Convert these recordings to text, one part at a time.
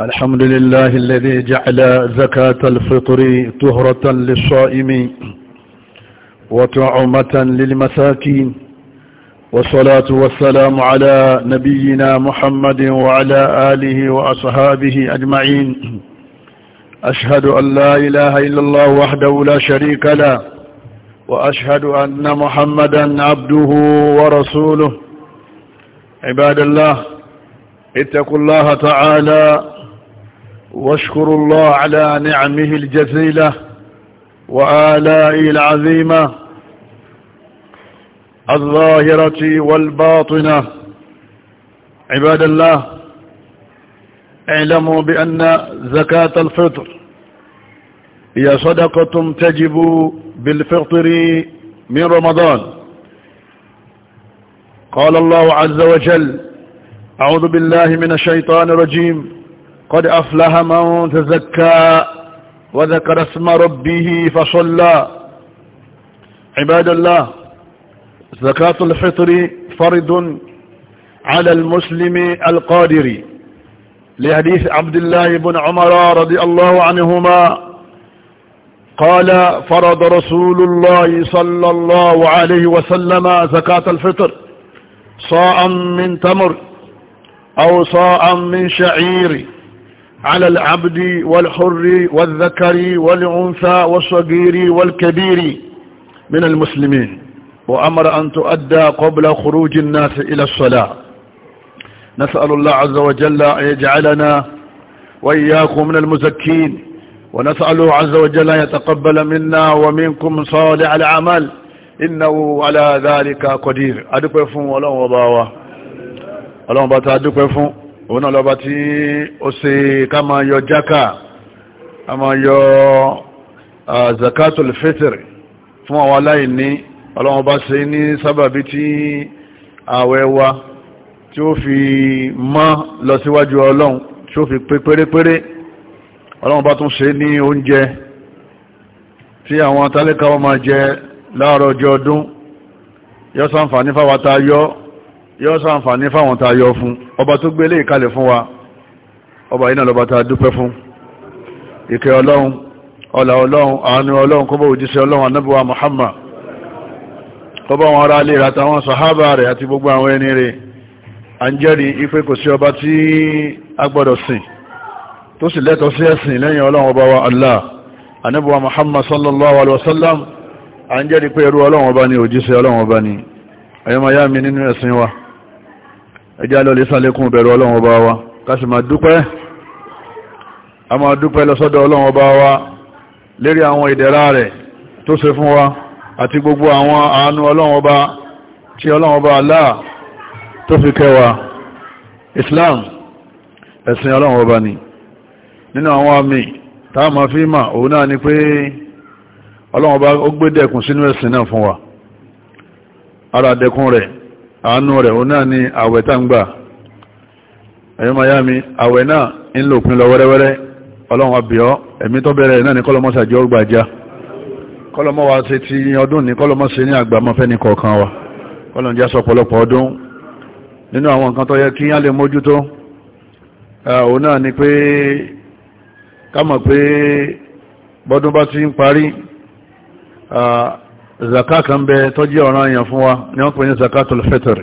الحمد لله الذي جعل زكاة الفطر طهرة للصائم وطعمة للمساكين والصلاة والسلام على نبينا محمد وعلى آله وأصحابه أجمعين أشهد أن لا إله إلا الله وحده لا شريك له وأشهد أن محمدا عبده ورسوله عباد الله اتقوا الله تعالى واشكروا الله على نعمه الجزيلة وآلائه العظيمة الظاهرة والباطنة عباد الله اعلموا بأن زكاة الفطر هي صدقة تجب بالفطر من رمضان قال الله عز وجل أعوذ بالله من الشيطان الرجيم قد أفلح من تزكى وذكر اسم ربه فصلى عباد الله زكاة الفطر فرض على المسلم القادر لحديث عبد الله بن عمر رضي الله عنهما قال فرض رسول الله صلى الله عليه وسلم زكاة الفطر صاء من تمر أو صاء من شعير على العبد والحر والذكر والعنثى والصغير والكبير من المسلمين وأمر أن تؤدى قبل خروج الناس إلى الصلاة نسأل الله عز وجل أن يجعلنا وإياكم من المزكين ونسأله عز وجل أن يتقبل منا ومنكم صالح الأعمال إنه على ذلك قدير أدوك فون ولو وباوا ولو بتا أدوك فون òun náà lọ́ba tí ó ṣe ká máa yọ jákà a máa yọ zakatul fitr fún àwọn aláìní ọlọ́wọ́n bá ṣe ní sábàbí tí ààwẹ̀ wa tí ó fi mọ́ lọ síwájú ọlọ́run tí ó fi pé pérépéré ọlọ́wọ́n bá tún ṣe ní oúnjẹ tí àwọn tálíkà máa jẹ láàárọ̀ ọjọ́ ọdún yọ́ sáǹfà nífàwátá yọ́ yọ́ sàǹfààní fáwọn tá a yọ fún ọba tó gbélé ìkalẹ̀ fún wa ọba yìí náà lọ́ba tá a dúpẹ́ fún ìkẹ́ ọlọ́run ọlà ọlọ́run àánú ọlọ́run kọ́bọ̀ òjíṣẹ́ ọlọ́run anábíwá Muhammad kọ́bọ̀ wọn ará lè ràtàwọn sàhábà rẹ̀ àti gbogbo àwọn ẹni rẹ̀ à ife kò sí ọba tí a gbọ́dọ̀ sìn tó sì lẹ́tọ̀ọ́ Allah anábíwá Muhammad sallallahu alaihi wasallam à ń jẹ́rìí pé ẹrú ọlọ́run ọba ni òjíṣẹ́ ọlọ́run yá mi nínú ẹ̀sìn wa ẹjá lọ lè sálẹ́kún bẹ̀rù ọlọ́run ọba wa káṣì máa dúpẹ́ a máa dúpẹ́ lọ́sọ́dọ̀ ọlọ́run ọba wa lérí àwọn ìdẹ̀ra rẹ̀ tó ṣe fún wa àti gbogbo àwọn àánú ọlọ́run ọba tí ọlọ́run ọba aláà tó fi kẹwàá Islam ẹ̀sìn ọlọ́run ọba ni nínú àwọn àmì táà máa fi mà òun náà ni pé àánú rẹ̀ òun náà ni àwẹ̀ tá ń gbà ẹ̀yọ́ miami àwẹ̀ náà ń lò pín lọ wẹ́rẹ́wẹ́rẹ́ ọlọ́run àbíọ́ ẹ̀mí tó náà ni kọ́lọmọ́sà jẹ́ ọgbà já wa ṣe ti ọdún ní kọ́lọmọ́ ṣe ní àgbàmọ́fẹ́ ní kọ̀ọ̀kan ọdún zaka kan bẹ tọ́jú ọ̀ràn yẹn fún wa ní wọ́n pè ní zakatul fitr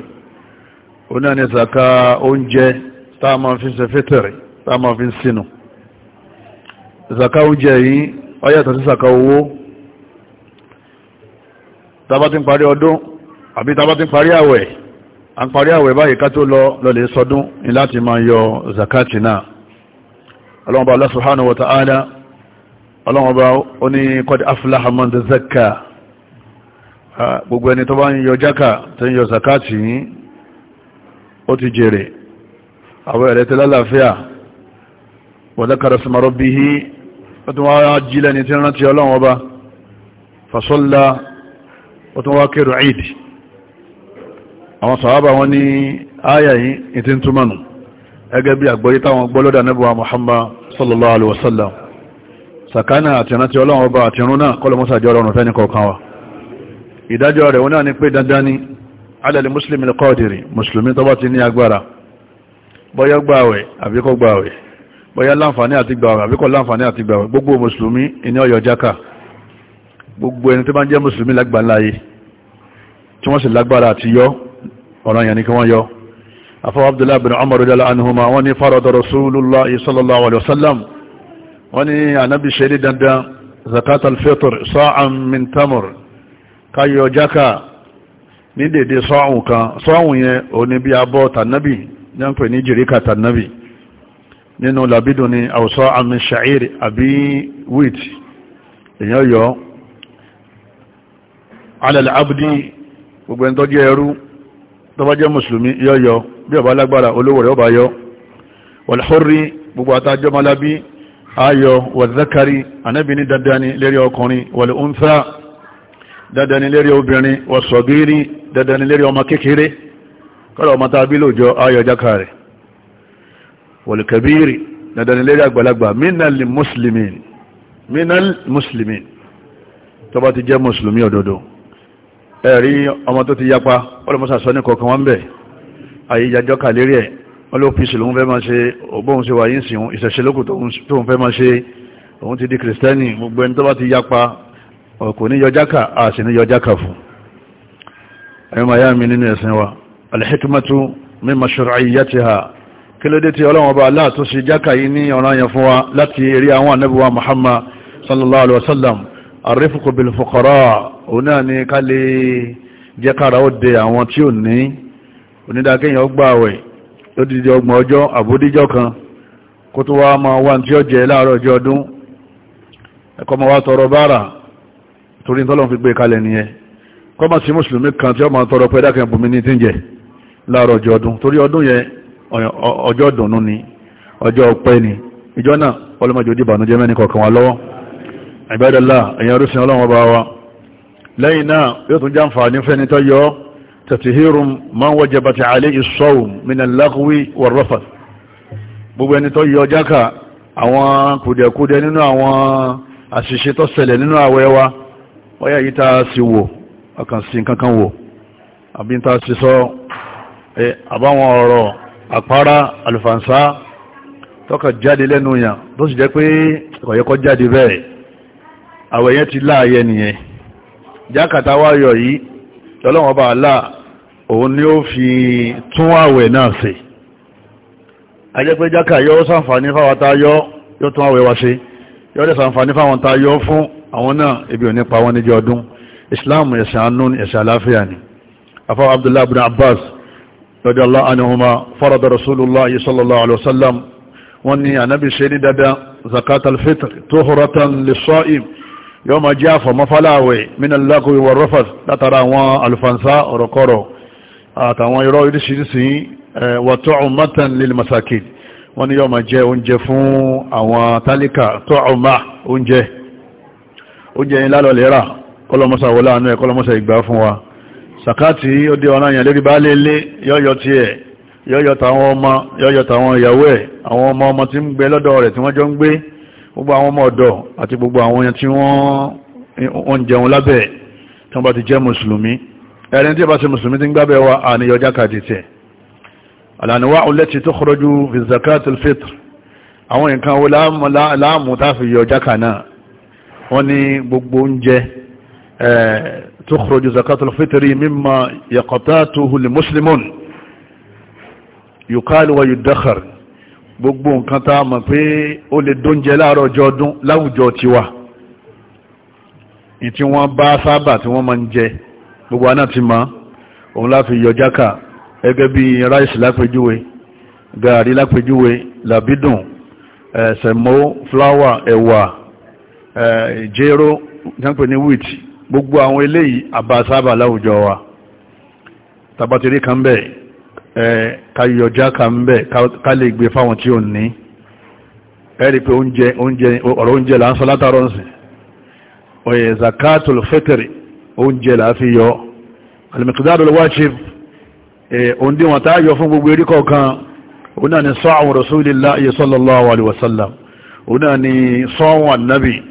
ó náà ní zaka oúnjẹ tá a máa fi ṣe fitr tá a fi sínú zaka oúnjẹ yìí ó yàtọ̀ sí zaka owó tábà ti ń parí ọdún àbí tábà ti ń parí àwẹ̀ à ń parí àwẹ̀ báyìí ká tó lọ ta'ala ọlọ́mọba ó ní qad aflaha man Ah, gbogbo ẹni tó bá ń yọ jákà tó ń yọ sàkáàtì yìí ó ti jèrè àwọn ẹ̀rẹ́ tẹ́lá láàfíà wọ́dákàrà sọmọ́rọ́ bí i ó tún wá jílẹ̀ ní tí rántí ọlọ́run ọba fasọ́lá ó tún wá kẹrù ìdí àwọn sàhábà wọn ní áyà yìí ìtí túnmọ̀nù ẹgẹ́ bí àgbọ́yí táwọn gbọ́lọ́dà nẹ́bùwà Muhammad sallallahu alaihi wasallam sàkánà àti rántí ọlọ́run ọba àti rúnà kọlọmọ́sàjọ́ ọlọ́run fẹ́ni ìdájọ́ rẹ̀ wọn náà ni pé dandan ni alẹ́lẹ́ mùsùlùmí lọ́kọ́ọ̀dìrì mùsùlùmí tó bá ti ní agbára bọ́yá gbààwẹ̀ àbíkọ́ gbààwẹ̀ bọ́yá láǹfààní àti gbààwẹ̀ àbíkọ́ láǹfààní àti gbààwẹ̀ gbogbo mùsùlùmí ìní ọyọ̀ jáka gbogbo ẹni tó bá jẹ́ mùsùlùmí lágbàláyé tí wọ́n sì lágbára àti yọ ọ̀ràn yẹn ni kí wọ́n yọ afọ́ abdullahi bin umar radiallahu anhuma wọ́n ní farada rasulullah sallallahu káyọ jákà ní dèdè sọ́ọ̀hún kan sọ́ọ̀hún yẹn ò ní bí abọ́ tànábì ní ń pè ní jìríkà tànábì nínú làbídùn ni àwùsọ́ àmì ṣàìrì àbí wheat èyàn yọ alẹ́lẹ́ abdi gbogbo ẹni tó ẹrú tó bá jẹ́ mùsùlùmí yọ́yọ bí ọba lágbára olówó rẹ̀ ọba yọ wàlhórí gbogbo àtàjọ́mọlábí ayọ̀ wàzákàrí anábìíní dandan lérí ọkùnrin wàlúùnfà dandan ni lérí obìnrin wọ̀sọ̀gírí dandan ni lérí ọmọ kékeré kọ́lọ̀ ọmọ tàbí lòjọ ayọjáka rẹ̀ wọ̀lùkẹ̀bírì dandan ni àgbàlagbà mínàlì muslimin mínàlì muslimin tó bá ti jẹ́ musulmi òdodo ẹ̀rí ọmọ tó ti yapa ọlọ́mọsà sọ ní kọ̀ọ̀kan wọ́n bẹ̀ ayíjájọ́ka lérí ẹ̀ ọlọ́pìsì lóun fẹ́ máa ṣe ògbóhun ti yapa ọkọ̀ ní yọjáka a sì ní yọjáka fún ẹ̀yọ́ ma yá mi nínú ẹ̀sìn wa alhikimatu mímọ̀ ṣùràyíyàtíha kí ló dé tí ọlọ́wọ́ bá látó sí jáka yìí ní ọ̀ranyàn fún wa láti eré àwọn anábíwa muhammad sallallahu alaihi wasallam arrifqu bil fuqara òun náà ni ká lè jẹ́ kára ẹ̀kọ́ máa wá tọrọ bára torí tọ́lọ́n fi gbé kalẹ̀ nìyẹn kọ́mọ̀ sí mùsùlùmí kan tí ó máa tọrọ pé dákẹ́ bùnmi ní tí ń jẹ láàárọ̀ ọjọ́ ọdún torí ọdún yẹn ọjọ́ dùnnú ni ọjọ́ ọpẹ́ ni ìjọ náà ọlọ́mọjọ́ dìbànújẹ́ mẹ́ni kọ̀ọ̀kan wa lọ́wọ́ ìbádọ́lá èyàn orísun ọlọ́wọ́ bá wa lẹ́yìn náà yóò tún já ń fà ní àṣìṣe tó ṣẹlẹ̀ nínú àwẹ̀ bóyá yìí tá a sì wò ọkàn sí kankan wò àbí tá a sì sọ ẹ àbáwọn ọ̀rọ̀ àpárá àlùfànṣá tọ́ka jáde lẹ́nu yàn tó sì jẹ́ pé ọ̀yẹ́kọ́ jáde bẹ́ẹ̀ àwẹ̀ yẹn ti láàyè nìyẹn jákàtà wáyọ̀ yìí lọ́lọ́wọ́ bá aláà òun ni ó fi tún àwẹ̀ náà ṣe ajẹ́ pé jákà yọ́ sàǹfàní fáwọn tá yóò tún àwẹ̀ wá ṣe yọ́ àwọn náà ebi ò ní pa wọ́n níjọ́ ọdún islam ẹ̀sẹ̀ anú ẹ̀sẹ̀ aláfíà ni afọ́ abdullahi ibn abbas radiyallahu anhuma farada rasulullah sallallahu alaihi wasallam wọ́n ni ànábì ṣe ní dada zakat alfitr tuhratan lis-sa'im yóò ma jẹ́ àfọ̀mọ́fàláwẹ̀ minallagwi wa rafas látara àwọn alfansa ọ̀rọ̀kọ́rọ̀ àtàwọn irọ́ oríṣiríṣi wa tu'matan lil-masakin wọ́n ó jẹ́ ìlálọ́lẹ̀ rà kọlọmọ́sà wọlá àánú ẹ̀ kọlọmọ́sà ìgbà fún wa sàkáàtì ó dé ọ̀nà yẹn lérí bá lé lé yọ́yọ́ ti ẹ̀ yọ́yọ́ tàwọn ọmọ yọ́yọ́ tàwọn ìyàwó ẹ̀ àwọn ọmọ ọmọ tí ń gbé lọ́dọ̀ rẹ̀ wa àníyàn jákàdì tẹ̀ àlàníwá ulẹ́tì tó kọrọ́jú fi zakat al-fitr àwọn nǹkan wo láàmù táfi yọ jákà náà wọ́n ní gbogbo oúnjẹ tukhruju zakatul fitri mimma yaqtatuhu li muslimun yukalu wa yudakhar gbogbo nǹkan tá a mọ̀ pé ó lè dóúnjẹ láàárọ̀ ọjọ́ ọdún láwùjọ tiwa ìtí wọ́n bá sábà tí wọ́n máa ń jẹ gbogbo aná ti mọ̀ òun láfi yọ gẹ́gẹ́ bí ráìsì lápẹjúwe gààrí lápẹjúwe làbídùn ẹ̀sẹ̀mó fúláwà ẹ̀wà Jero, jẹ́ǹpẹ̀ ní gbogbo àwọn eléyìí àbáṣábà láwùjọ wa tabatiri kan bẹ́ kayọjá kan bẹ́ ká lè gbé fáwọn tí ó ní ẹ̀rí pé oúnjẹ ọ̀rọ̀ oúnjẹ ǹsìn zakatul fitri oúnjẹ là tá gbogbo erí kọ̀ọ̀kan sọ́ọ̀wọ̀n rasulillah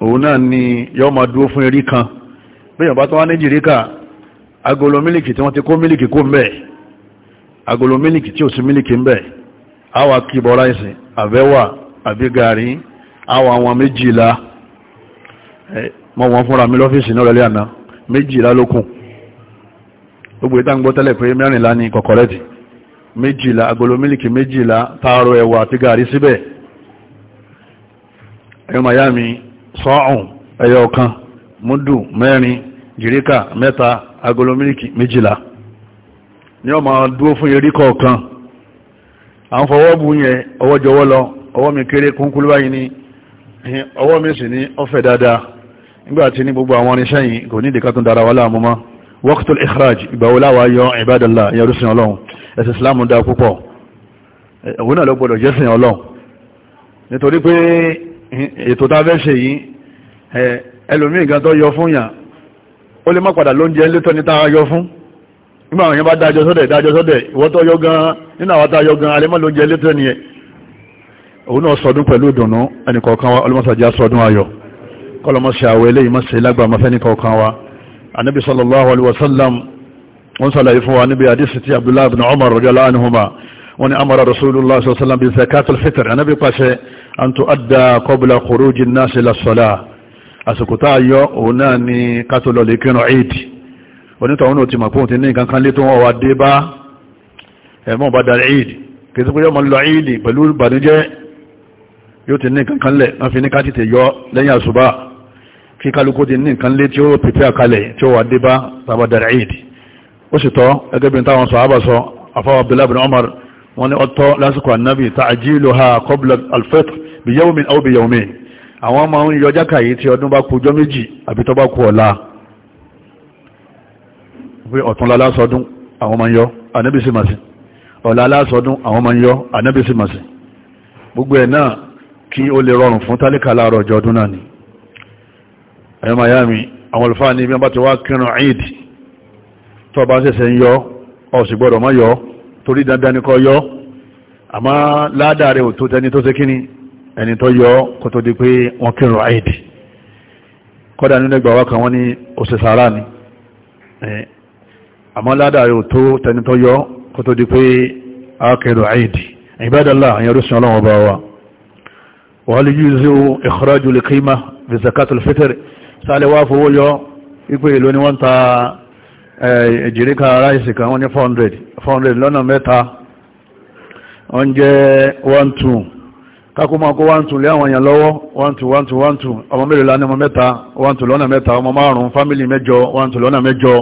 òun náà ni yọ́ ma dúó fún erí kan bẹ́yàn bá tó wá ní jìríkà agolo mílìkì tí wọ́n ti kó mílìkì kó mbẹ̀ agolo mílìkì tí ò sí mílìkì mbẹ̀ àwà kìbọ̀ ráìsì àbẹ́wà àbí gàrí àwà àwọn méjìlá mọ́ wọn fúnra mi lọ́fíìsì náà rẹ̀lẹ́ àná méjìlá lókùn gbogbo ìta ń gbọ́ tẹ́lẹ̀ pé mẹ́rìnlá ni kọ̀kọ̀rẹ́tì méjìlá agolo mílìkì méjìlá taaro ẹ̀wà àti gàrí síbẹ̀ ẹ̀yọ́ miami sọ́ọ̀hún ẹyọ ọ̀kan múdù mẹ́rin jìríkà mẹ́ta agolo mílíkì méjìlá ní ọmọ dúó fún erí kọ̀ọ̀kan à ń fọwọ́ bù yẹn ọwọ́ jọwọ́ lọ ọwọ́ mi kéré kúnkúlú báyìí ni ọwọ́ mi sì ní ọ̀fẹ́ dáadáa nígbà tí ní gbogbo àwọn irinṣẹ́ yìí kò ní ìdíkà tó dára wà láàmú mọ́ waqtul ikhraj ìgbàwó láwà yọ ìbádàlá ọlọ́run ẹ̀sìn islam dá púpọ̀ òun náà ló gbọdọ̀ jẹ́sìn ọlọ́run nítorí pé ètò tá a fẹ́ ṣe yìí ẹlòmí ìgbà tó yọ fún yàn ó lè má padà ló ń jẹ létọ́ ní táa yọ fún nígbà àwọn èèyàn bá dájọ́ sọ́dẹ̀ dájọ́ sọ́dẹ̀ yọ gan nínú àwọn tá a yọ gan alẹ́ ló ń jẹ létọ́ ni ẹ òun náà sọdún pẹ̀lú ìdùnnú ẹnìkọ̀ọ̀kan wa ọlọ́mọsàjá sọdún ayọ̀ kọlọmọsà àwọ̀ eléyìí má ṣe lágbà wọ́n ni amara rasulullah sallallahu alaihi wasallam bi zakatul fitr anabi pàṣẹ an tu'adda qabla khuruj an-nas ila as-salah àsìkò tá a yọ òun náà ni kátó lọ lè kírun eid onítọ̀ òun ti màpóhùn ti ní nǹkan kan lé tó wọ́n wá dé bá ẹ̀mọ́ bá darí eid kìí pé yọmọ lọ eid pẹ̀lú ìbànújẹ́ yóò ti ní nǹkan kan lẹ̀ wọ́n fi ní ká tètè yọ lẹ́yìn àṣùbà kí kálukú ti ní nǹkan lé tí ó pèpè àkalẹ̀ tí ó wá dé bá tàbá darí eid ó sì tọ́ ẹgẹ́ bí táwọn sọ àbàsọ afáwọ̀ abdullahi bin umar wọ́n ní ọ̀tọ̀ lásìkò ànábì tààjílò ha qabla alfẹ́t bí yawmin aw bí yawmin àwọn máa ń yọ jákà yìí tí ọdún bá kú ọjọ́ méjì àbí tó bá kú ọ̀la pé ọ̀tún lásọdún àwọn máa ń yọ ànábì sí màsí gbogbo ẹ̀ náà kí ó lè rọrùn fún tálíkà láàárọ̀ ọjọ́ ọdún náà ni ẹ̀yọ́ miami àwọn olùfáà ní ibi wọn bá ti wá kírun eid tó bá ṣẹ̀ṣẹ̀ ń yọ ọ̀sìn gbọ́dọ̀ má yọ torí dandan ni kọ yọ àmọ́ ládàá rẹ̀ ò tó tẹni tó ṣe kíní ẹni tó yọ kó tó di pé wọ́n kírun àìdì kọ́dà nínú ẹgbàá kan wọ́n ní òṣè sàárà ni àmọ́ ládàá rẹ̀ ò tó tẹni tó yọ kó tó di pé a àìdì ìbádàlá àyẹ̀ rúṣin ọlọ́wọ́ bá wa wọ́n lè yíze o ìkọ́rọ́jù lè kíma bí zakatul fitr sálẹ̀ wá fowó yọ ipò èlò ni wọ́n ta ìjìríkà ráìsì kan wọ́n ní 400 400 lọ́nà mẹ́ta wọ́n jẹ́ 12 kákùnmọ́kó 12 lé àwọn èèyàn lọ́wọ́ 12 12 12 ọmọ mẹ́rin lánà ọmọ mẹ́ta 12 lọ́nà mẹ́ta ọmọ márùn-ún fámílì mẹ́jọ 12 lọ́nà mẹ́jọ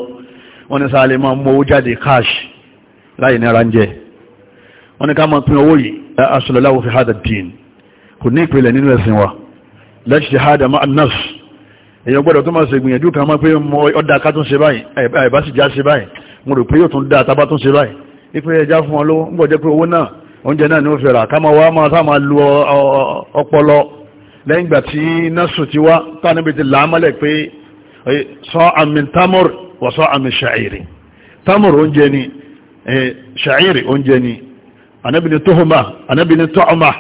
wọ́n ní sáà lè máa mú owó jáde cash láì ní ránjẹ wọ́n ní ká máa pín owó yìí aṣọ́lọ́láwọ́ fi èyàn gbọ́dọ̀ tó máa ṣe ìgbìyànjú kan máa pé ọdá ká tún ṣe báyìí àìbá sì já ṣe báyìí mo rò pé yóò tún dá àtàbá tún ṣe báyìí ipe ẹja fún wọn lówó ń pé owó náà oúnjẹ náà ni ó fẹ́ra ká máa wá máa sá máa lu ọpọlọ lẹ́yìn ìgbà tí násù ti wá táwọn ibi ti làámọ́lẹ̀ pé sọ àmì tamor wà sọ àmì ṣàìrì tamor oúnjẹ ni ṣàìrì oúnjẹ ni anábì ni tóhùmá anábì ni tọ́ọ̀mà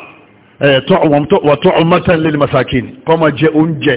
tọ́ọ̀mà tọ́ọ̀mà tẹ́lẹ̀ masakin kọ́ máa jẹ oúnjẹ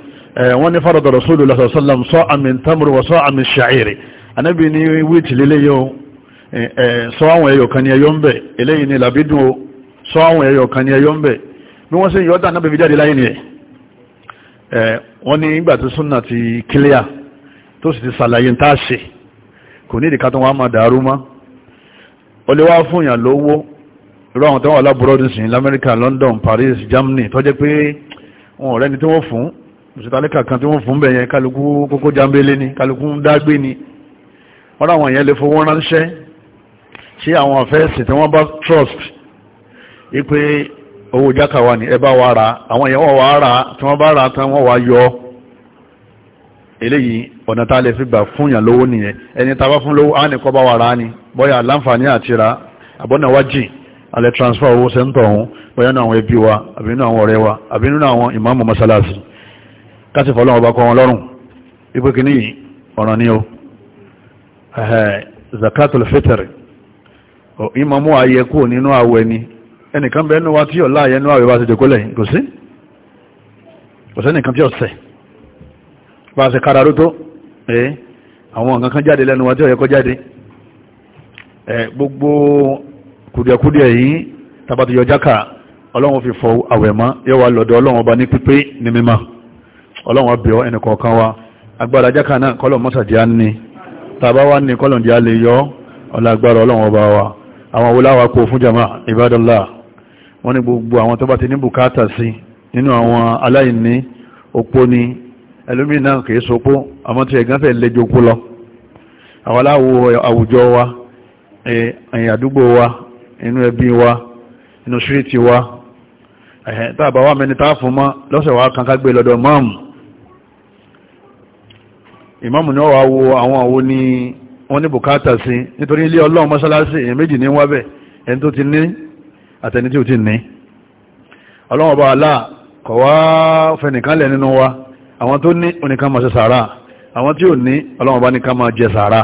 Eh, wọ́n ní farada rasulullah sallallahu alaihi wasallam sa'an min tamr wa sa'an min sha'ir anábì ní wíìtì lílé yóò sọ àwọn ẹyọ kan ní ẹyọ ń bẹ̀ eléyìí ní làbídùn o sọ àwọn ẹyọ kan ní ẹyọ ń bẹ̀ bí wọ́n sì ń yọ́dá anábì jáde láyé ni ẹ̀ eh, wọ́n ní ìgbà tí súnà ti kílíà tó sì ti sàlàyé ń táà kò ní ìdíkà tó wọ́n máa dàrú mọ́ ó lè wá fún ìyàn lówó irú àwọn tó wà lábúrọ́dún sí lamẹ́ríkà London Paris Germany tó jẹ́ pé wọn ò rẹ́ni tí wọ́n fún mùsùlùmí kan tí wọ́n fún bẹ̀ yẹn kálukú kókó jambélé ni kálukú ń dágbé ni wọ́n láwọn èèyàn lè fowó ránṣẹ́ sí àwọn àfẹ́sì tí wọ́n bá trust ipe owó jákàwá ni ẹ bá wa ra àwọn èèyàn wọ́n wá ra tí wọ́n bá ra tán wọ́n wá yọ eléyìí ọ̀nà tá a lè fi gbà fún yàn lówó nìyẹn ẹni tá a bá fún lówó á nìkan bá wà rà ni bóyá láǹfààní àti ra àbọ̀nà wá jìn alẹ́ transfer owó sẹ́ńtọ̀ ọ̀hún bóyá nínú àwọn ẹbí wa àbí nínú àwọn ọ̀rẹ́ wa àbí àwọn ìmáàmù mọ́sálásì kásì fọ́lọ́wọ́ bá kọ́ wọn lọ́rùn ipò kìíní ọ̀ràn ni ó zakatul fitr ìmọ̀ mú ayẹ kú nínú àwẹ̀ ni ẹnìkan bẹ́ẹ̀ nínú wa tí ọ̀la ayẹ nínú àwẹ̀ bá ti jẹ́kọ́lẹ̀ kò sí kò sẹ́nìkan tí ọ̀sẹ̀ bá ṣe kára ló tó ẹ̀ àwọn nǹkan kan jáde lẹ́nu wa tí ó ọlọ́run ọbẹ̀ ẹnì kọ̀ọ̀kan wa agbára jákà náà kọ́lọ̀ mọ́sàdí á ní tàbá wá ní kọ́lọ̀ díá lè yọ ọlágbára ọlọ́run ọba wa àwọn wọláwà kó fún jama ibadallah wọ́n ní gbogbo àwọn tó bá ti ní bùkátà sí nínú àwọn aláìní opó ni ẹlòmíì náà kìí sopó àmọ́ tí ẹ̀gán fẹ́ lẹ́jọ opó lọ àwọn aláwo àwùjọ wa ẹ̀yìn àdúgbò wa ìmáàmù náà wà wo àwọn àwo ni wọ́n ní bùkátà sí nítorí ilé ọlọ́run mọ́sálásí èyàn méjì ní wábẹ̀ ẹni tó ti ní àtẹni tí ó ti ní ọlọ́run ọba aláà kọ̀ wá fẹnìkanlẹ̀ nínú wa àwọn tó ní oníkan máa ṣe sàárà àwọn tí ò ní ọlọ́run ọba nìkan máa jẹ sàárà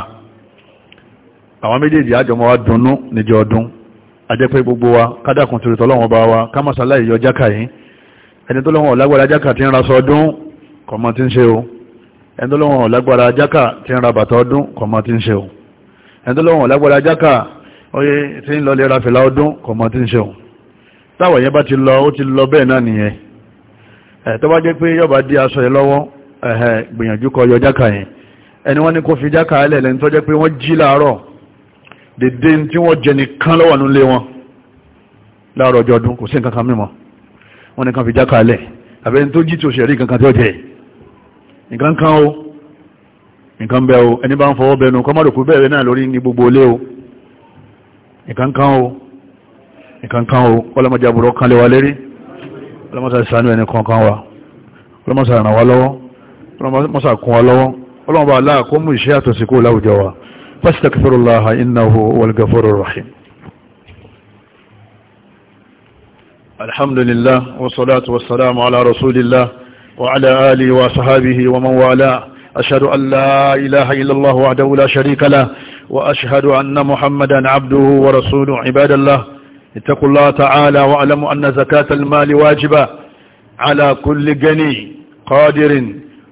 àwọn méjèèjì àjọmọ́ wa dunnú níjọ ọdún ajẹ́ pé gbogbo wa kádàkùn torí tọ́lọ́run ẹ̀ndọ́lọ́wọ̀n ọ̀lágbára jákà tí ń ra bàtà ọdún kọmọ tí ń ṣe òun ẹ̀ndọ́lọ́wọ̀n ọ̀lágbára jákà oye tí ń lọ lè ra fìlà ọdún kọmọ tí ń ṣe òun táwọ̀ yẹn bá ti lọ ó ti lọ bẹ́ẹ̀ náà nìyẹn ẹ̀ tó bá jẹ́ pé yọba dí aṣọ yẹn lọ́wọ́ ẹ̀hẹ̀ gbìyànjú kó yọ jákà yẹn ẹni wọ́n ní kó fi jákà ẹlẹ̀ tó jẹ́ nǹkan kan o nǹkan bẹ́ o ẹni bá ń fọwọ́ bẹnu kọmọ́dùkú bẹ̀rẹ̀ náà lórí ní gbogbo olé o nǹkan kan o nǹkan kan o ọlọ́mọdé àbúrọ̀ kan lè wa lérí ọlọ́mọdé sànú ẹni kankan wa ọlọ́mọdé ràn wá lọ́wọ́ ọlọ́mọdé kún wa lọ́wọ́ ọlọ́mọdé aláàkó mú ìṣẹ́ àtọ̀síkó láwùjọ wa fastaghfirullaha innahu huwal وعلى آله وصحابه ومن والاه أشهد أن لا إله إلا الله وحده لا شريك له وأشهد أن محمدا عبده ورسوله عباد الله اتقوا الله تعالى واعلموا أن زكاة المال واجبة على كل جني قادر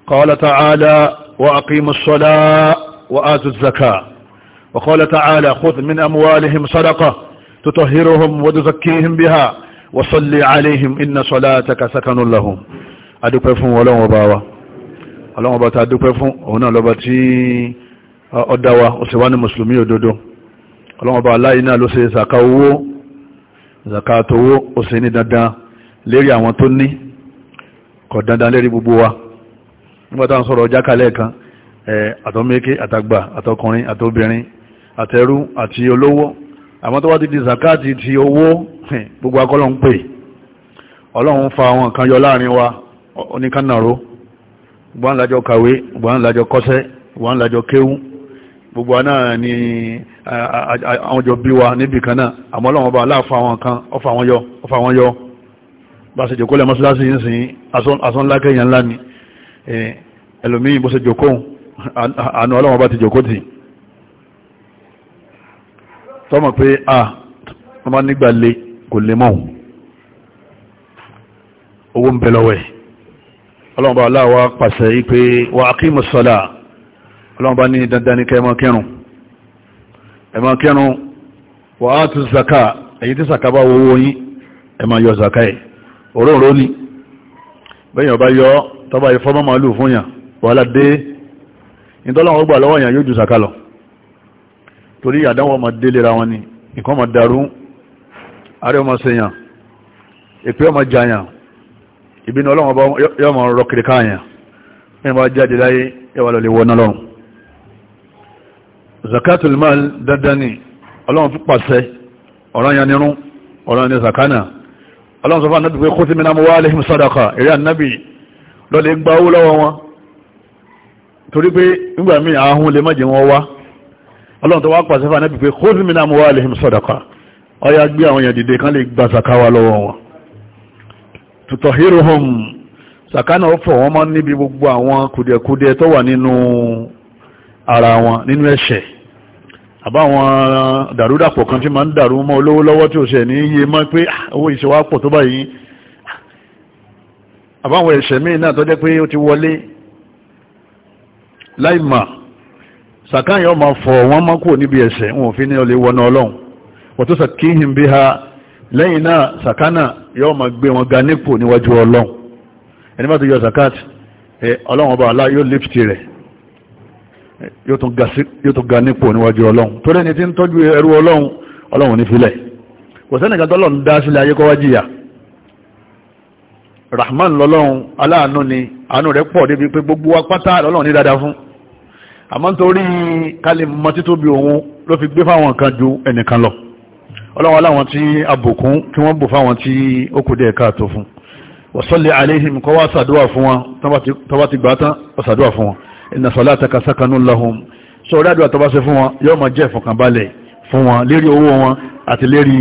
قال تعالى وأقيموا الصلاة وآتوا الزكاة وقال تعالى خذ من أموالهم صدقة تطهرهم وتزكيهم بها وصل عليهم إن صلاتك سكن لهم adúpẹ́ fún ọlọ́run ọba wa ọlọ́run ọba ta dúpẹ́ fún òun náà lọ́ba tí ó dá ní mùsùlùmí òdodo ọlọ́run ọba náà ló ṣe zaka owó zaka towó ó sì ní dandan lérí àwọn tó ní kò dandan lérí gbogbo wa nígbà tá à ń sọ̀rọ̀ ọjà kalẹ̀ kan àtọ́mẹ́kẹ́ àtàgbà àtọkùnrin àtobìnrin àtẹrú àti olówó àmọ́ tó wá ti di zakati ti owó gbogbo akọ́lọ́ ń pè ọlọ́run fa àwọn kan yọ láàrin wa oníkànnàró gbogbo àwọn làjọ kàwé gbogbo àwọn làjọ kọ́ṣẹ́ gbogbo kéwú gbogbo náà ni àwọn jọ bí wa níbì kan náà àmọ́ Ọlọ́run bá aláàfà àwọn kan ọfà wọn yọ ọfà wọn yọ bá ṣe jòkó lẹ́mọ́ síláṣí yìí sìn asánlákẹ́ yẹn ńlá ni ẹlòmíyìn bó a wọ́n bá nígbà lé kò owó ń bẹ lọ́wọ́ ẹ̀ ọlọ́mọba aláwọ̀ pàṣẹ ipé wà ákímù sọ́lá ọlọ́mọba ní dandan ní kẹmọ kẹrùn ẹmọ kẹrùn wà á tún zaka èyí tí zaka bá wọ́wọ́ yí ẹmọ yọ zaka ẹ̀ òróòró ní bẹ́yàn bá yọ tọba ìfọ́mọ́ màálù fún yàn wàhálà dé ìtọ́lọ́wọ́ gbà ìbínú ọlọ́run ọba yọ mọ̀ rọ kiri káàyàn mẹ́rin jáde láyé yọwà lọ lè wọ́n náà zakatul mal dandan ni ọlọ́run fún pàṣẹ ọ̀rọ̀ yan nírún ọ̀rọ̀ ni zakana ọlọ́run sọ fún anábì pé kó ti mìíràn wà lẹ́hìn sọ́dọ̀kà eré anábì lọ lè gba owó lọ́wọ́ wọn torí pé nígbà míì ahun lè mọ́jẹ̀ wọn wá ọlọ́run tó wá pàṣẹ fún anábì pé kó ti mìíràn wà lẹ́hìn sọ́dọ̀kà ọya zakawa lọ́wọ́ wọn tutọ̀hírùhùn sàkánà ó fọ̀ wọ́n mọ́ níbi gbogbo àwọn kùdìẹ̀kùdìẹ tó wà nínú ara wọn nínú ẹ̀ṣẹ̀ àbáwọn dàrúdàpọ̀ kan tí ma ń dàrú mọ́ olówó lọ́wọ́ tí ó ṣẹ̀ ní iye mọ́ pé ah, owó ìṣẹ́wà pọ̀ tó báyìí ah. àbáwọn ẹ̀ṣẹ̀ míì náà tó jẹ́ pé ó ti lẹ́yìn náà sàkánà yóò máa gbé wọn ga nípò níwájú ọlọ́run ẹni bá ti yọ zakat ọlọ́run ọba alá yóò lift rẹ̀ yóò tún ga nípò níwájú ọlọ́run torí ẹni tí ń tọ́jú ẹrú ọlọ́run ọlọ́run ní filẹ̀ kò sẹ́nìkan tọ́lọ́run dá sílẹ̀ ayé kọ́wá rahman lọ́lọ́run aláàánú ni àánú rẹ̀ pọ̀ débi pé gbogbo wa pátá lọ́lọ́run ní dáadáa fún àmọ́ nítorí kálí mọ́ títóbi òun ló fi gbé fáwọn kan ju ẹnìkan lọ ọlọ́wọ́ láwọn tí abòkún kí wọ́n bò fáwọn tí ó kù dẹ̀ káàtó fún wasalli alaihim kọ́ wá sàdúwà fún wọn tọba ti gbátán sàdúwà fún wọn inna salataka sakanun lahum so rádùwà tọba sí fún wọn yóò ma jẹ́ ìfọ̀kànbalẹ̀ fún wọn lérí owó wọn àti lérí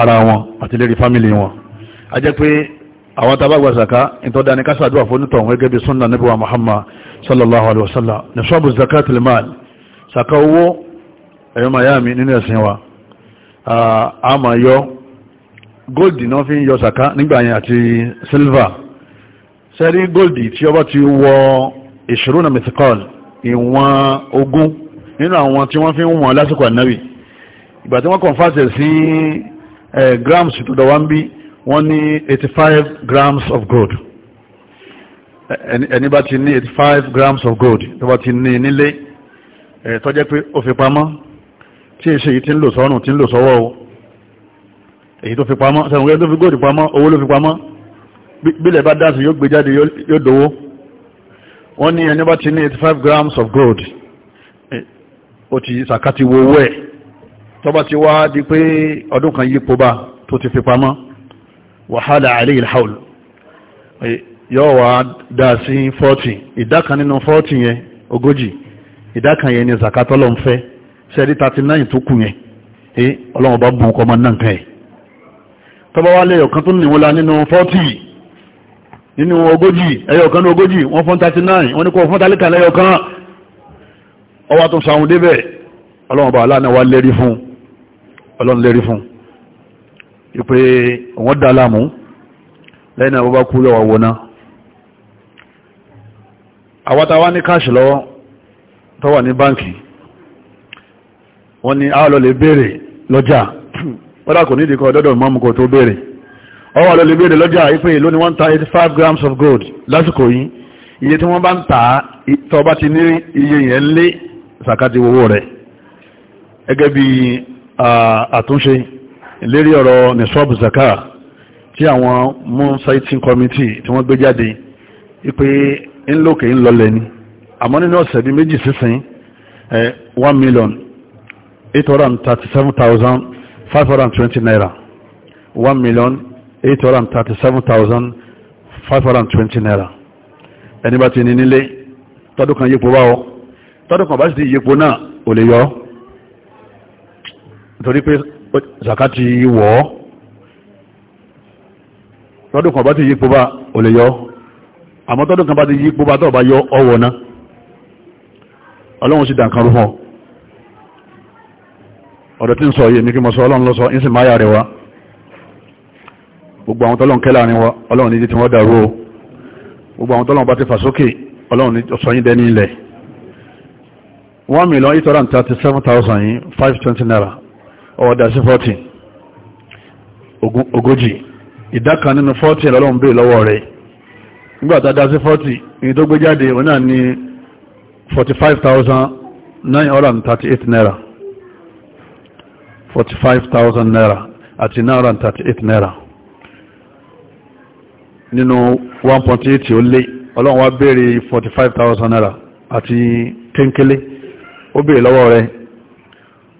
ara wọn àti lérí fámílì wọn a jẹ́ pé àwọn tàbá gbàsàká ìtọ́dá ẹ̀yọ́ miami nínú ẹ̀sìn wa àmà ah, yọ gold náà fi ń yọ sàká nígbà àti silver sẹ́rí gold tí ọba ti wọ ìṣòro na mithikol ìwọ̀n ogún nínú àwọn tí wọ́n fi ń wọ̀n lásìkò ànábì ìgbà tí wọ́n kọ̀nfàṣẹ̀ sí grams tó dọ̀wá ń bí wọ́n ní 85 grams of gold ẹni bá ti ní 85 grams of gold tó bá ti ní nílé tó jẹ́ pé ó fi pamọ́ tí èṣe yìí tí ń lò sọ́rùn tí ń lò sọ́wọ́ o èyí tó fi pamọ́ sẹ́wọ̀n tó fi góòdì pamọ́ owó ló fi pamọ́ bílẹ̀ bá dáàsì yóò gbé jáde yóò dówó wọ́n ní ẹni bá ti ní 85 grams of gold ó ti sàkátì wo owó ẹ̀ tó ti wá di pé ọdún kan yípo bá tó ti fi pamọ́ wàhálà alayhi al-hawl yóò wá dáa sí 40 ìdá kan nínú 40 yẹn ogójì ìdá kan yẹn ni zakatọ́lọ́ ń fẹ́ ṣẹ́rí 39 tó kù yẹn eh ọlọ́run bá bùn kọmọ náà kan ẹ̀ tọ́bá wá lẹ́yọ̀ kan tó níwọ́n la nínú 40 nínú ogójì ẹyọ kan ní ogójì wọ́n fún 39 wọ́n ní kọ́ fún tálíkà lẹ́yọ̀ kan ọwá tó sàún débẹ̀ ọlọ́run bá aláàánà wá lérí fún ọlọ́run lérí fún tọ́wà ní báǹkì wọ́n ní àálọ́ lè béèrè lọ́jà wọ́dà kò nídìí kan ọ̀dọ́dọ̀ mọ́mù kò tó béèrè ọwọ́ àlọ́ lè béèrè lọ́jà ìpín ìlú ni wọ́n ń ta five grams of gold lásìkò yìí iye tí wọ́n bá ń tà á tọ́ bá ti ní iye yẹn lé sàkàtì owó rẹ̀ gẹ́gẹ́ bí àtúnṣe lérí ọ̀rọ̀ nisọ́ọ̀bù zaka tí àwọn moon committee tí wọ́n gbé jáde wípé ńlọkè ńlọlẹ̀ ni àmọ́ nínú ọ̀sẹ̀ bí méjì sísìn one million 837,520 naira 1 million 837,520 naira ẹni bá ti ní nílé tọ́dún kan yípo báwọ́ tọ́dún kan bá sì ti yípo náà ò lè yọ nítorí pé zakati wọ́ tọ́dún kan bá ti yípo bá ò lè yọ àmọ́ tọ́dún kan bá ti yípo bá tọ́ bá yọ ọwọ́ náà ọlọ́run sì dàn kan rú fún ọ ọ̀dọ̀ tí ń sọ yìí ní kí mọ́ sọ ọlọ́run lọ́sọ ń sì máa yà rẹ̀ wá gbogbo àwọn tọ́lọ́n kẹ́lá ni wọ́n ọlọ́run ní jí tí wọ́n dàrú o gbogbo àwọn tọ́lọ́n bá ti fà ọlọ́run ní sọ naira ọ̀dà sí 40 ogójì ìdá kan nínú 40 lọ́lọ́run bèè lọ́wọ́ rẹ̀ nígbàtà dá sí 40 ní tó gbé jáde òun 45,938 naira 45,000 naira àti náírà 38 naira nínú 1.8 ó lé ọlọ́run wá béèrè 45,000 naira àti kéńkélé ó béèrè lọ́wọ́ rẹ̀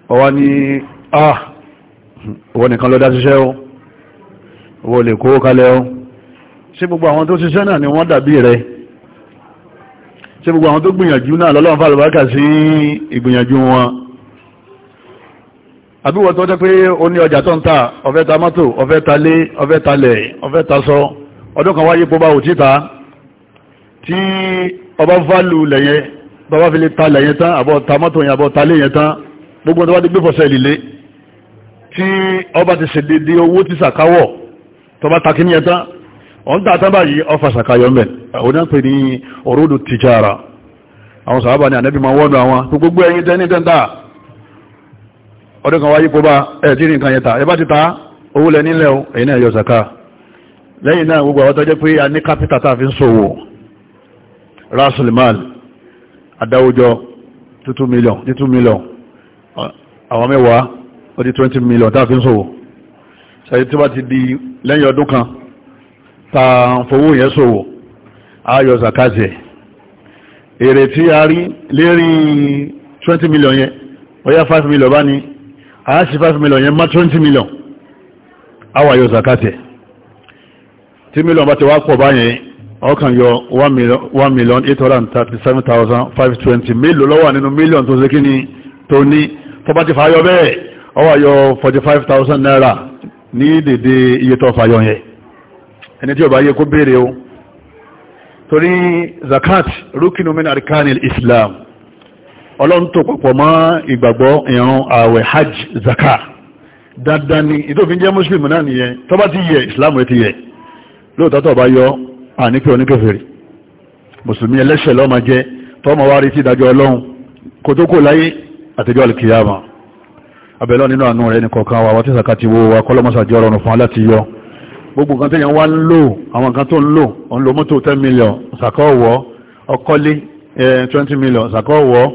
ọwá ní ah ìwọ nìkan ló dá ṣiṣẹ́ ó ìwọ lè kó kalẹ̀ ó ṣé gbogbo àwọn tó ṣiṣẹ́ náà ni wọ́n dàbí rẹ̀ ṣé gbogbo àwọn tó gbìyànjú náà lọ́lọ́run fàlùbákà sí ìgbìyànjú wọn àbí wọ́n tó jẹ́ pé ó ní ọjà tó ń ta ọ̀fẹ́ ta mọ́tò ọ̀fẹ́ ta lé ọ̀fẹ́ ta lẹ̀ ọ̀fẹ́ ta sọ ọdún kan wáyé pọ́bá ò títa tí ọba fálù lẹ̀yẹ bàbá fi lè ta lẹ̀yẹ tán àbọ̀ ta mọ́tò yẹn àbọ̀ ta lé yẹn tán gbogbo tó bá ti gbé fọ́sẹ̀ ìlìlé tí ọba ti ṣe dédé owó tí sàkáwọ̀ tó bá ta kí yẹn tán ọ̀n tà tán báyìí ọfà sàkáyọ̀ mẹ́ àwọn pè ní ọdún kan wáyé pọ́bá ẹ̀tí nǹkan yẹta ẹbá ti ta owó lẹ nílẹ̀ ẹ̀yìn náà yọ zaka lẹ́yìn náà gbogbo àwọn tó jẹ́ pé a ní kápítà tàà fi ń ṣòwò rasulmal adáwójọ 2 million 2 million àwọn mẹ́wàá ó di 20 million tàà fi ń ṣòwò ṣe tí wá ti di lẹ́yìn ọdún kan ta fowó yẹn ṣòwò a yọ zaka jẹ èrè tí a rí lérí 20 million yẹn ó yá 5 million bá ní a 5 million yẹn má 20 million awa yóò zakatẹ̀ tí million bá ti wá pọ̀ báyẹn ọkàn yọ 1 million 837,520 mélòó lọ́wọ́ nínú million tó ṣe kí ni tó ní tó bá ti fàáyọ bẹ́ẹ̀ ọwà yọ 45,000 naira ní dèdè iye tó fàáyọ yẹn ẹni tí ó bá yẹ kó béèrè o torí zakat rúkínú min arkanil islam ọlọ́run tó papọ̀ mọ́ ìgbàgbọ́ ìrun ààwẹ̀ hajj zaka dandan ni ìtòfin jẹ́ muslim náà nìyẹn tó bá ti yẹ islam rẹ ti yẹ lóòótọ́ tó bá yọ àníkẹ́ oníkẹfẹ̀rẹ̀ mùsùlùmí ẹlẹ́ṣẹ̀ ló máa jẹ́ tó máa wá retí ìdájọ́ ọlọ́run kò tó kò láyé àtijọ́ alìkìyàmà abẹ́lọ́ wa wọ́n ti sàkàtì wo wa kọ́lọ́mọ́sàjọ́ ọ̀rọ̀ fún aláti yọ gbogbo nǹkan tẹ́yàn wá ń lò àwọn nǹkan tó ń lò million sàkọ́ọ̀wọ́ ọkọ́lé eh,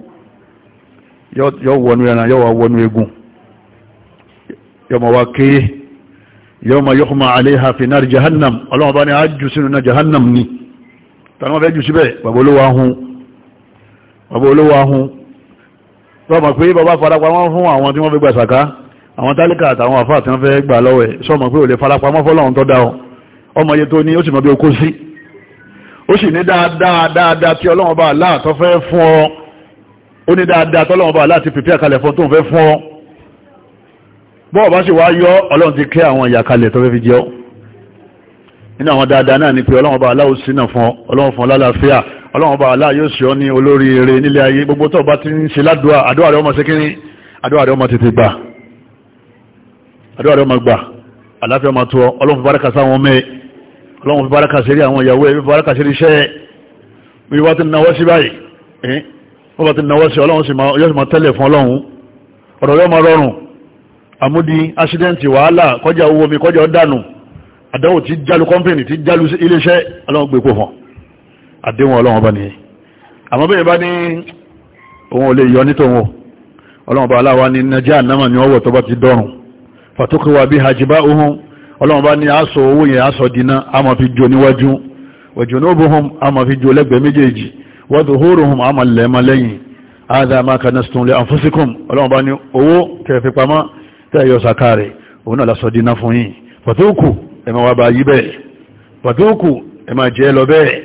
yọ wọnú ẹran yọ wà wọnú egun yọ ma wá ké yọ ma yọ ma aléha fi náà jahannam ọlọ́wọ́ bá ní ájú sínú náà jahannam ni tàbí wọ́n fẹ́ síbẹ̀ bàbá ó sì ní dáadáa dáadáa tí ọlọ́wọ́n bá aláàtọ́ fẹ́ fún ọ ó ní dáadáa tọ́lọ́wọ́n bá láti pèpè àkàlẹ̀ fún tó ń fẹ́ fún ọ bọ́ọ̀ bá ṣe wá yọ ọlọ́run ti kẹ́ àwọn ìyàkalẹ̀ tó fẹ́ fi jẹ́ ọ nínú àwọn dáadáa náà ni pé ọlọ́run bá aláwọ̀ sínà fún ọ ọlọ́run fún ọlálàáfíà ọlọ́run bá aláà yóò ṣe ọ ní olórí eré nílé ayé gbogbo tó bá ti ń ṣe ládùá àdúrà rẹ ọmọ sékíní àdúrà rẹ ọmọ tètè gbà àdúrà rẹ ọmọ gbà àláfíà ọmọ tó ọ ọlọ́run fi bárakà sáwọn ọmọ ẹ ọlọ́run fi bárakà sí àwọn ìyàwó ẹ fi bárakà sí iṣẹ́ ẹ wíwá ti náwó sí báyìí wọ́n bá ti náwọ́ sí ọlọ́run sì yọ́ sì máa tẹ́lẹ̀ fún ọlọ́run ọ̀rọ̀ yọ́ máa rọrùn àmúdi ásídẹ́ǹtì wàhálà kọjá owó mi kọjá ọ̀dànù àdánwò tí jálu kọ́mpìnì tí jálu iléeṣẹ́ ọlọ́run gbé pò fún àdéhùn ọlọ́run bá ní àmọ́ bẹ́ẹ̀ bá ní òun ò lè yọ nítòun ọlọ́run bá aláwa ní nàjà ànámà ní ọwọ́ tó bá ti dọ́rùn fàtókòwà bí hajjibá ohun ọlọ́run bá ní aṣọ owó yẹn aṣọ dínà a máa fi jo níwájú wẹ̀jọ̀ ní bó hàn a máa fi jo lẹ́gbẹ̀ẹ́ méjèèjì wọ́dùhóòrùn àmà lẹ́mà lẹ́yìn àdáma kanastun lè àfúsíkùn ọlọ́mọba ní owó tẹ́fipamá tẹ́yọ sàkàrẹ̀ òun náà lásọ dínà fún yìí pàtókù ẹmà wà bá yí bẹ́ẹ̀ pàtókù ẹmà jẹ́ lọ bẹ́ẹ̀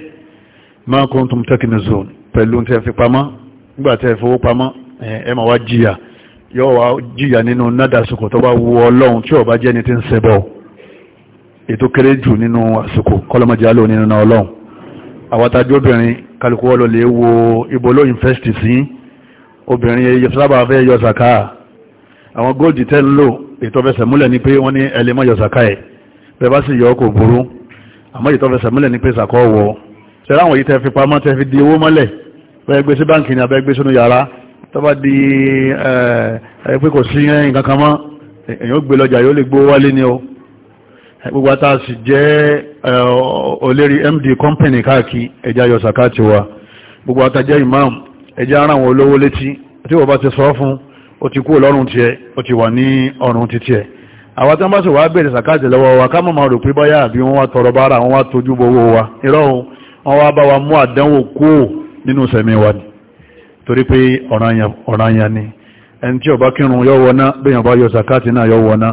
ma kún tún tẹ́kínì pẹ̀lú tẹ́fipamá nígbà tẹ́fowópamá ẹmà wà jìyà yóò wá jìyà nínú nádàsùkò àsìkò kọlọmọdé kálukú wọ́lọ lè wo ibo ló invest sí obìnrin ẹyọ sábà fẹ́ yọ sàká àwọn góòdì tẹ́ ń lò ètò ọ̀fẹ́sẹ̀ múlẹ̀ ní pé wọ́n ní ẹlẹ́mọ̀ yọ ẹ̀ bẹ́ẹ̀ sì yọ kò burú àmọ́ ètò ni abẹ́ gbé sínú yàrá tó bá di ẹ pé kò sí nǹkan kan mọ́ èèyàn gbé lọ́jà yóò lè gbówó wálé gbogbo àtà sì jẹ́ olérí md company káàkiri ẹjá yọ sàkáàtì wa gbogbo àtà jẹ́ imam ẹjá ara wọn olówó létí tí wọ́n bá ti sọ fún ó ti kú lọ́rùn tí ẹ ó ti wà ní ọ̀run títí ẹ àwọn tí wọ́n bá sì wá bèèrè sàkáàtì lọ́wọ́ wa ká mọ̀mọ́ rò pé báyà àbí wọ́n wá tọrọ bára wọ́n wá wa irọ́ wọn wá bá wa mú àdánwò kúò nínú sẹ̀mí wa ni torí ni ẹni tí ó bá kírun yọ wọná bẹ́yàn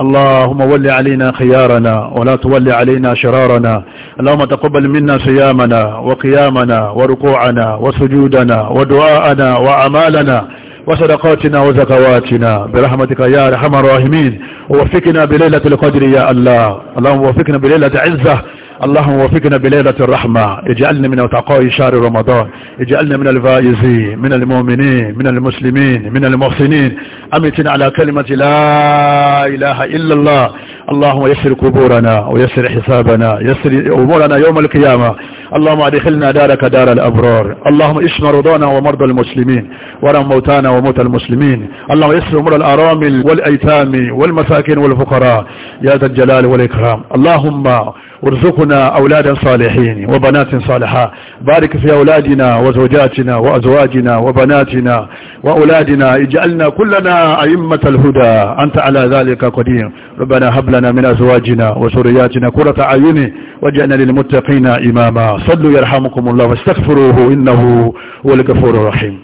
اللهم ول علينا خيارنا ولا تول علينا شرارنا اللهم تقبل منا صيامنا وقيامنا وركوعنا وسجودنا ودعاءنا وأعمالنا وصدقاتنا وزكواتنا برحمتك يا رحمة الراحمين ووفقنا بليلة القدر يا الله اللهم وفقنا بليلة عزة اللهم وفقنا بليلة الرحمة اجعلنا من اتقاء شهر رمضان اجعلنا من الفائزين من المؤمنين من المسلمين من المحسنين امتنا على كلمة لا اله الا الله اللهم يسر قبورنا ويسر حسابنا يسر امورنا يوم القيامة اللهم ادخلنا دارك دار الابرار اللهم اشف مرضانا ومرضى المسلمين ورم موتانا وموتى المسلمين اللهم يسر امور الارامل والايتام والمساكين والفقراء يا ذا الجلال والاكرام اللهم وارزقنا أولادا صالحين وبنات صالحات بارك في أولادنا وزوجاتنا وأزواجنا وبناتنا وأولادنا اجعلنا كلنا أئمة الهدى أنت على ذلك قدير ربنا هب لنا من أزواجنا وسرياتنا كرة عيني واجعلنا للمتقين إماما صلوا يرحمكم الله واستغفروه إنه هو الغفور الرحيم